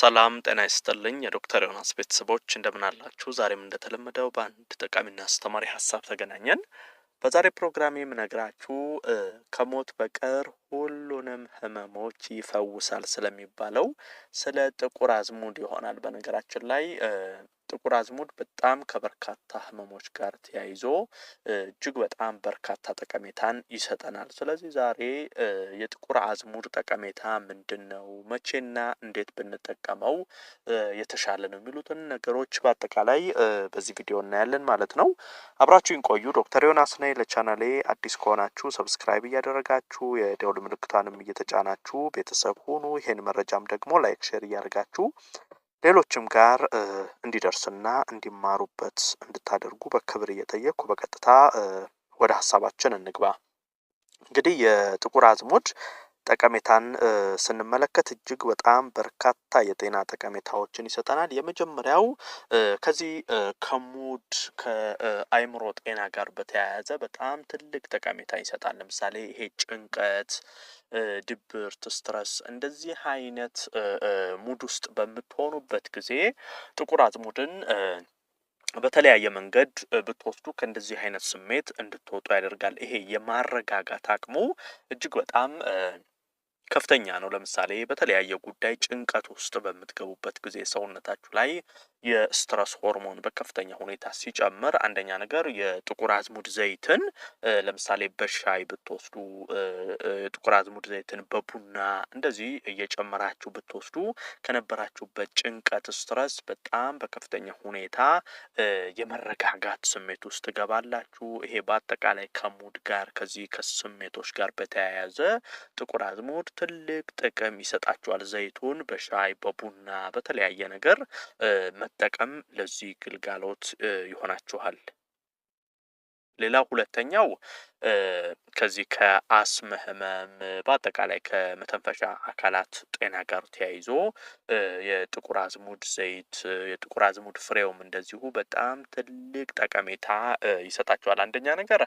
ሰላም ጤና ይስጥልኝ የዶክተር ዮናስ ቤተሰቦች እንደምናላችሁ። ዛሬም እንደተለመደው በአንድ ጠቃሚና አስተማሪ ሀሳብ ተገናኘን። በዛሬ ፕሮግራም የምነግራችሁ ከሞት በቀር ሁሉንም ህመሞች ይፈውሳል ስለሚባለው ስለ ጥቁር አዝሙድ ይሆናል። በነገራችን ላይ ጥቁር አዝሙድ በጣም ከበርካታ ህመሞች ጋር ተያይዞ እጅግ በጣም በርካታ ጠቀሜታን ይሰጠናል። ስለዚህ ዛሬ የጥቁር አዝሙድ ጠቀሜታ ምንድን ነው፣ መቼና እንዴት ብንጠቀመው የተሻለ ነው የሚሉትን ነገሮች በአጠቃላይ በዚህ ቪዲዮ እናያለን ማለት ነው። አብራችሁ ቆዩ። ዶክተር ዮናስ ነኝ። ለቻናሌ አዲስ ከሆናችሁ ሰብስክራይብ እያደረጋችሁ የደውል ምልክቷንም እየተጫናችሁ ቤተሰብ ሁኑ። ይሄን መረጃም ደግሞ ላይክ፣ ሼር እያደርጋችሁ ሌሎችም ጋር እንዲደርስና እንዲማሩበት እንድታደርጉ በክብር እየጠየቅኩ በቀጥታ ወደ ሀሳባችን እንግባ። እንግዲህ የጥቁር አዝሙድ ጠቀሜታን ስንመለከት እጅግ በጣም በርካታ የጤና ጠቀሜታዎችን ይሰጠናል። የመጀመሪያው ከዚህ ከሙድ ከአይምሮ ጤና ጋር በተያያዘ በጣም ትልቅ ጠቀሜታ ይሰጣል። ለምሳሌ ይሄ ጭንቀት፣ ድብርት፣ ስትረስ እንደዚህ አይነት ሙድ ውስጥ በምትሆኑበት ጊዜ ጥቁር አዝሙድን በተለያየ መንገድ ብትወስዱ ከእንደዚህ አይነት ስሜት እንድትወጡ ያደርጋል። ይሄ የማረጋጋት አቅሙ እጅግ በጣም ከፍተኛ ነው። ለምሳሌ በተለያየ ጉዳይ ጭንቀት ውስጥ በምትገቡበት ጊዜ ሰውነታችሁ ላይ የስትረስ ሆርሞን በከፍተኛ ሁኔታ ሲጨምር አንደኛ ነገር የጥቁር አዝሙድ ዘይትን ለምሳሌ በሻይ ብትወስዱ የጥቁር አዝሙድ ዘይትን በቡና እንደዚህ እየጨመራችሁ ብትወስዱ ከነበራችሁበት ጭንቀት ስትረስ በጣም በከፍተኛ ሁኔታ የመረጋጋት ስሜት ውስጥ ትገባላችሁ። ይሄ በአጠቃላይ ከሙድ ጋር ከዚህ ከስሜቶች ጋር በተያያዘ ጥቁር አዝሙድ ትልቅ ጥቅም ይሰጣችኋል። ዘይቱን በሻይ በቡና በተለያየ ነገር መጠቀም ለዚህ ግልጋሎት ይሆናችኋል። ሌላው ሁለተኛው ከዚህ ከአስም ህመም በአጠቃላይ ከመተንፈሻ አካላት ጤና ጋር ተያይዞ የጥቁር አዝሙድ ዘይት፣ የጥቁር አዝሙድ ፍሬውም እንደዚሁ በጣም ትልቅ ጠቀሜታ ይሰጣቸዋል። አንደኛ ነገር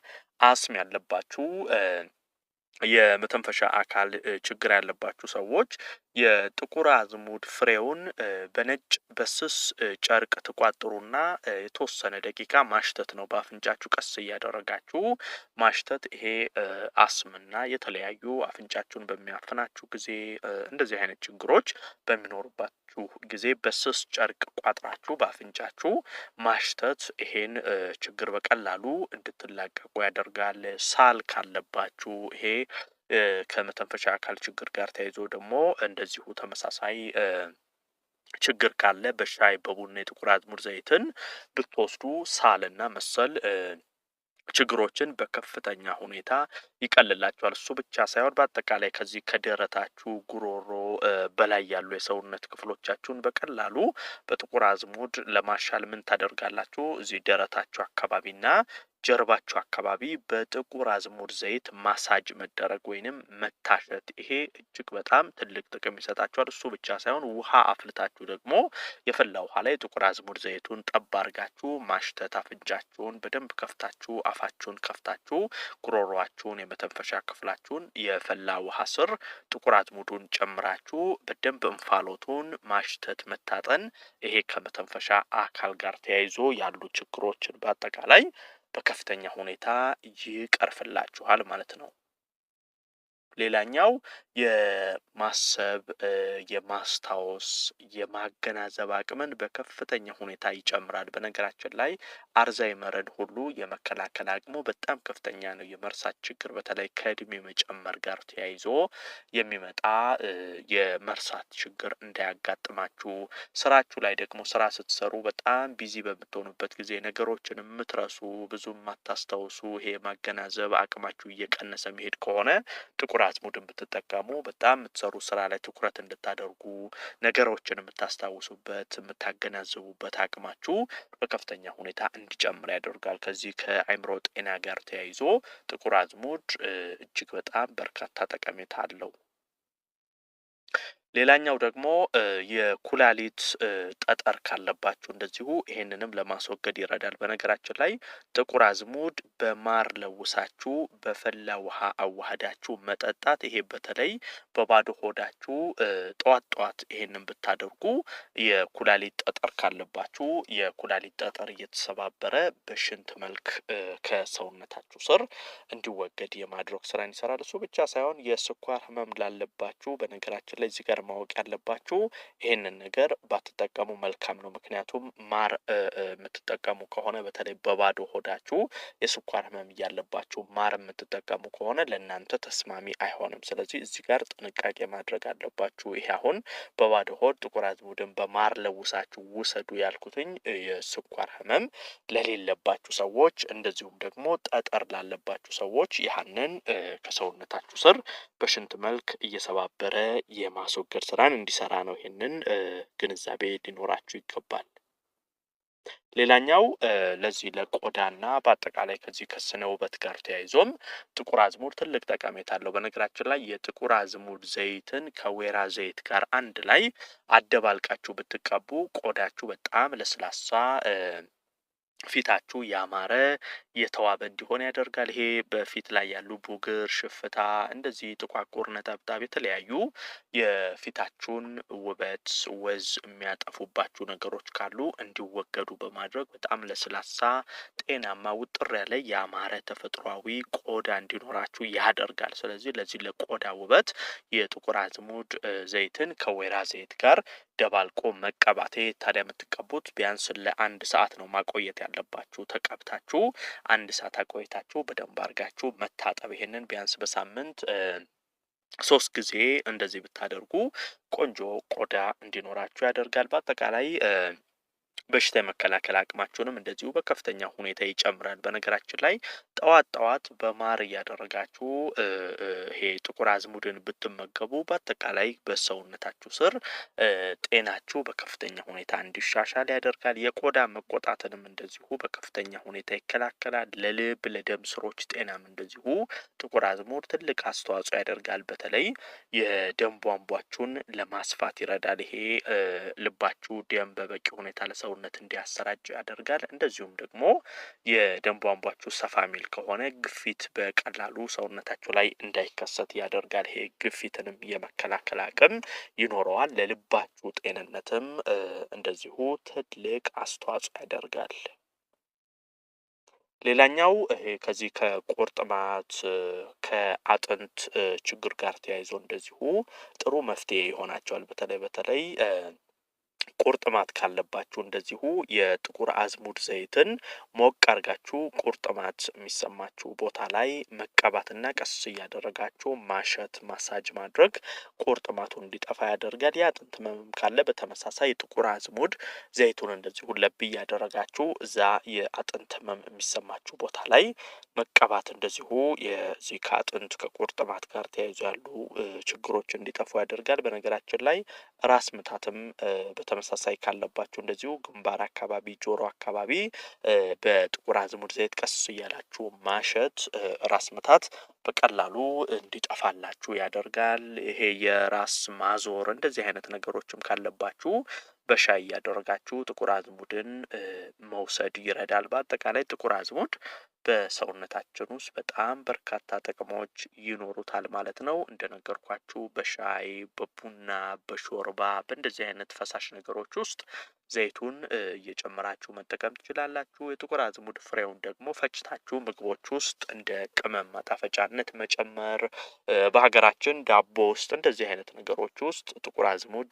አስም ያለባችሁ የመተንፈሻ አካል ችግር ያለባችሁ ሰዎች የጥቁር አዝሙድ ፍሬውን በነጭ በስስ ጨርቅ ትቋጥሩና የተወሰነ ደቂቃ ማሽተት ነው። በአፍንጫችሁ ቀስ እያደረጋችሁ ማሽተት። ይሄ አስምና የተለያዩ አፍንጫችሁን በሚያፍናችሁ ጊዜ እንደዚህ አይነት ችግሮች በሚኖሩባችሁ ጊዜ በስስ ጨርቅ ቋጥራችሁ በአፍንጫችሁ ማሽተት ይሄን ችግር በቀላሉ እንድትላቀቁ ያደርጋል። ሳል ካለባችሁ ይሄ ከመተንፈሻ አካል ችግር ጋር ተያይዞ ደግሞ እንደዚሁ ተመሳሳይ ችግር ካለ በሻይ በቡና የጥቁር አዝሙድ ዘይትን ብትወስዱ ሳልና መሰል ችግሮችን በከፍተኛ ሁኔታ ይቀልላቸዋል። እሱ ብቻ ሳይሆን በአጠቃላይ ከዚህ ከደረታችሁ ጉሮሮ በላይ ያሉ የሰውነት ክፍሎቻችሁን በቀላሉ በጥቁር አዝሙድ ለማሻል ምን ታደርጋላችሁ? እዚህ ደረታችሁ አካባቢና ጀርባቸው አካባቢ በጥቁር አዝሙድ ዘይት ማሳጅ መደረግ ወይንም መታሸት፣ ይሄ እጅግ በጣም ትልቅ ጥቅም ይሰጣቸዋል። እሱ ብቻ ሳይሆን ውሃ አፍልታችሁ ደግሞ የፈላ ውሃ ላይ ጥቁር አዝሙድ ዘይቱን ጠብ አድርጋችሁ ማሽተት፣ አፍንጫችሁን በደንብ ከፍታችሁ፣ አፋችሁን ከፍታችሁ፣ ጉሮሯችሁን፣ የመተንፈሻ ክፍላችሁን የፈላ ውሃ ስር ጥቁር አዝሙዱን ጨምራችሁ በደንብ እንፋሎቱን ማሽተት፣ መታጠን፣ ይሄ ከመተንፈሻ አካል ጋር ተያይዞ ያሉ ችግሮችን በአጠቃላይ በከፍተኛ ሁኔታ ይቀርፍላችኋል ማለት ነው። ሌላኛው የማሰብ የማስታወስ የማገናዘብ አቅምን በከፍተኛ ሁኔታ ይጨምራል። በነገራችን ላይ አልዛይመርን ሁሉ የመከላከል አቅሙ በጣም ከፍተኛ ነው። የመርሳት ችግር በተለይ ከእድሜ መጨመር ጋር ተያይዞ የሚመጣ የመርሳት ችግር እንዳያጋጥማችሁ፣ ስራችሁ ላይ ደግሞ ስራ ስትሰሩ በጣም ቢዚ በምትሆኑበት ጊዜ ነገሮችን የምትረሱ ብዙ የማታስታውሱ ይሄ የማገናዘብ አቅማችሁ እየቀነሰ መሄድ ከሆነ ጥቁር አዝሙድን ብትጠቀሙ ደግሞ በጣም የምትሰሩ ስራ ላይ ትኩረት እንድታደርጉ ነገሮችን የምታስታውሱበት የምታገናዝቡበት አቅማችሁ በከፍተኛ ሁኔታ እንዲጨምር ያደርጋል። ከዚህ ከአይምሮ ጤና ጋር ተያይዞ ጥቁር አዝሙድ እጅግ በጣም በርካታ ጠቀሜታ አለው። ሌላኛው ደግሞ የኩላሊት ጠጠር ካለባችሁ እንደዚሁ ይሄንንም ለማስወገድ ይረዳል። በነገራችን ላይ ጥቁር አዝሙድ በማር ለውሳችሁ በፈላ ውሃ አዋህዳችሁ መጠጣት፣ ይሄ በተለይ በባዶ ሆዳችሁ ጠዋት ጠዋት ይሄንን ብታደርጉ የኩላሊት ጠጠር ካለባችሁ የኩላሊት ጠጠር እየተሰባበረ በሽንት መልክ ከሰውነታችሁ ስር እንዲወገድ የማድረግ ስራን ይሰራል። እሱ ብቻ ሳይሆን የስኳር ህመም ላለባችሁ በነገራችን ላይ እዚህ ጋር ነገር ማወቅ ያለባችሁ ይህንን ነገር ባትጠቀሙ መልካም ነው። ምክንያቱም ማር የምትጠቀሙ ከሆነ በተለይ በባዶ ሆዳችሁ የስኳር ህመም እያለባችሁ ማር የምትጠቀሙ ከሆነ ለእናንተ ተስማሚ አይሆንም። ስለዚህ እዚህ ጋር ጥንቃቄ ማድረግ አለባችሁ። ይሄ አሁን በባዶ ሆድ ጥቁር አዝሙድን በማር ለውሳችሁ ውሰዱ ያልኩትኝ የስኳር ህመም ለሌለባችሁ ሰዎች እንደዚሁም ደግሞ ጠጠር ላለባችሁ ሰዎች ያንን ከሰውነታችሁ ስር በሽንት መልክ እየሰባበረ የማስወገድ ስራን እንዲሰራ ነው። ይህንን ግንዛቤ ሊኖራችሁ ይገባል። ሌላኛው ለዚህ ለቆዳና በአጠቃላይ ከዚህ ከስነ ውበት ጋር ተያይዞም ጥቁር አዝሙድ ትልቅ ጠቀሜታ አለው። በነገራችን ላይ የጥቁር አዝሙድ ዘይትን ከወይራ ዘይት ጋር አንድ ላይ አደባልቃችሁ ብትቀቡ ቆዳችሁ በጣም ለስላሳ ፊታችሁ ያማረ የተዋበ እንዲሆን ያደርጋል። ይሄ በፊት ላይ ያሉ ቡግር፣ ሽፍታ፣ እንደዚህ ጥቋቁር ነጠብጣብ የተለያዩ የፊታችሁን ውበት ወዝ የሚያጠፉባችሁ ነገሮች ካሉ እንዲወገዱ በማድረግ በጣም ለስላሳ፣ ጤናማ፣ ውጥር ያለ ያማረ ተፈጥሯዊ ቆዳ እንዲኖራችሁ ያደርጋል። ስለዚህ ለዚህ ለቆዳ ውበት የጥቁር አዝሙድ ዘይትን ከወይራ ዘይት ጋር ደባልቆ መቀባቴ። ታዲያ የምትቀቡት ቢያንስ ለአንድ ሰዓት ነው ማቆየት ያለባችሁ። ተቀብታችሁ አንድ ሰዓት አቆይታችሁ በደንብ አድርጋችሁ መታጠብ። ይሄንን ቢያንስ በሳምንት ሶስት ጊዜ እንደዚህ ብታደርጉ ቆንጆ ቆዳ እንዲኖራችሁ ያደርጋል። በአጠቃላይ በሽታ የመከላከል አቅማችሁንም እንደዚሁ በከፍተኛ ሁኔታ ይጨምራል። በነገራችን ላይ ጠዋት ጠዋት በማር እያደረጋችሁ ይሄ ጥቁር አዝሙድን ብትመገቡ በአጠቃላይ በሰውነታችሁ ስር ጤናችሁ በከፍተኛ ሁኔታ እንዲሻሻል ያደርጋል። የቆዳ መቆጣትንም እንደዚሁ በከፍተኛ ሁኔታ ይከላከላል። ለልብ ለደም ስሮች ጤናም እንደዚሁ ጥቁር አዝሙድ ትልቅ አስተዋጽኦ ያደርጋል። በተለይ የደም ቧንቧችሁን ለማስፋት ይረዳል። ይሄ ልባችሁ ደም በበቂ ሁኔታ ለሰው ሰውነት እንዲያሰራጭ ያደርጋል። እንደዚሁም ደግሞ የደም ቧንቧችሁ ሰፋ ሚል ከሆነ ግፊት በቀላሉ ሰውነታችሁ ላይ እንዳይከሰት ያደርጋል። ይሄ ግፊትንም የመከላከል አቅም ይኖረዋል። ለልባችሁ ጤንነትም እንደዚሁ ትልቅ አስተዋጽኦ ያደርጋል። ሌላኛው ከዚህ ከቁርጥማት ከአጥንት ችግር ጋር ተያይዞ እንደዚሁ ጥሩ መፍትሄ ይሆናቸዋል። በተለይ በተለይ ቁርጥማት ካለባችሁ እንደዚሁ የጥቁር አዝሙድ ዘይትን ሞቅ አርጋችሁ ቁርጥማት የሚሰማችሁ ቦታ ላይ መቀባትና ቀስ እያደረጋችሁ ማሸት ማሳጅ ማድረግ ቁርጥማቱ እንዲጠፋ ያደርጋል። የአጥንት ህመም ካለ በተመሳሳይ ጥቁር አዝሙድ ዘይቱን እንደዚሁ ለብ እያደረጋችሁ እዛ የአጥንት ህመም የሚሰማችሁ ቦታ ላይ መቀባት እንደዚሁ የዚህ ከአጥንት ከቁርጥማት ጋር ተያይዞ ያሉ ችግሮች እንዲጠፉ ያደርጋል። በነገራችን ላይ ራስ ምታትም በተመ ተመሳሳይ ካለባችሁ እንደዚሁ ግንባር አካባቢ፣ ጆሮ አካባቢ በጥቁር አዝሙድ ዘይት ቀስ እያላችሁ ማሸት ራስ ምታት በቀላሉ እንዲጠፋላችሁ ያደርጋል። ይሄ የራስ ማዞር እንደዚህ አይነት ነገሮችም ካለባችሁ በሻይ እያደረጋችሁ ጥቁር አዝሙድን መውሰድ ይረዳል። በአጠቃላይ ጥቁር አዝሙድ በሰውነታችን ውስጥ በጣም በርካታ ጥቅሞች ይኖሩታል ማለት ነው። እንደነገርኳችሁ በሻይ፣ በቡና፣ በሾርባ በእንደዚህ አይነት ፈሳሽ ነገሮች ውስጥ ዘይቱን እየጨመራችሁ መጠቀም ትችላላችሁ። የጥቁር አዝሙድ ፍሬውን ደግሞ ፈጭታችሁ ምግቦች ውስጥ እንደ ቅመም ማጣፈጫነት መጨመር። በሀገራችን ዳቦ ውስጥ እንደዚህ አይነት ነገሮች ውስጥ ጥቁር አዝሙድ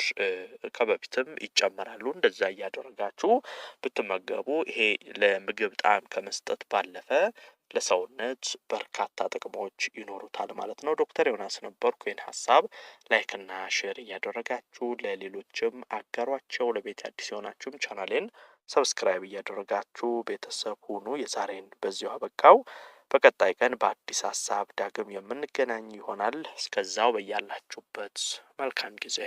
ከበፊትም ይጨመራሉ። እንደዛ እያደረጋችሁ ብትመገቡ ይሄ ለምግብ ጣዕም ከመስጠት ባለፈ ለሰውነት በርካታ ጥቅሞች ይኖሩታል ማለት ነው። ዶክተር ዮናስ ነበርኩ። ይህን ሀሳብ ላይክና ሼር እያደረጋችሁ ለሌሎችም አጋሯቸው። ለቤት አዲስ የሆናችሁም ቻናሌን ሰብስክራይብ እያደረጋችሁ ቤተሰብ ሁኑ። የዛሬን በዚሁ አበቃው። በቀጣይ ቀን በአዲስ ሀሳብ ዳግም የምንገናኝ ይሆናል። እስከዛው በያላችሁበት መልካም ጊዜ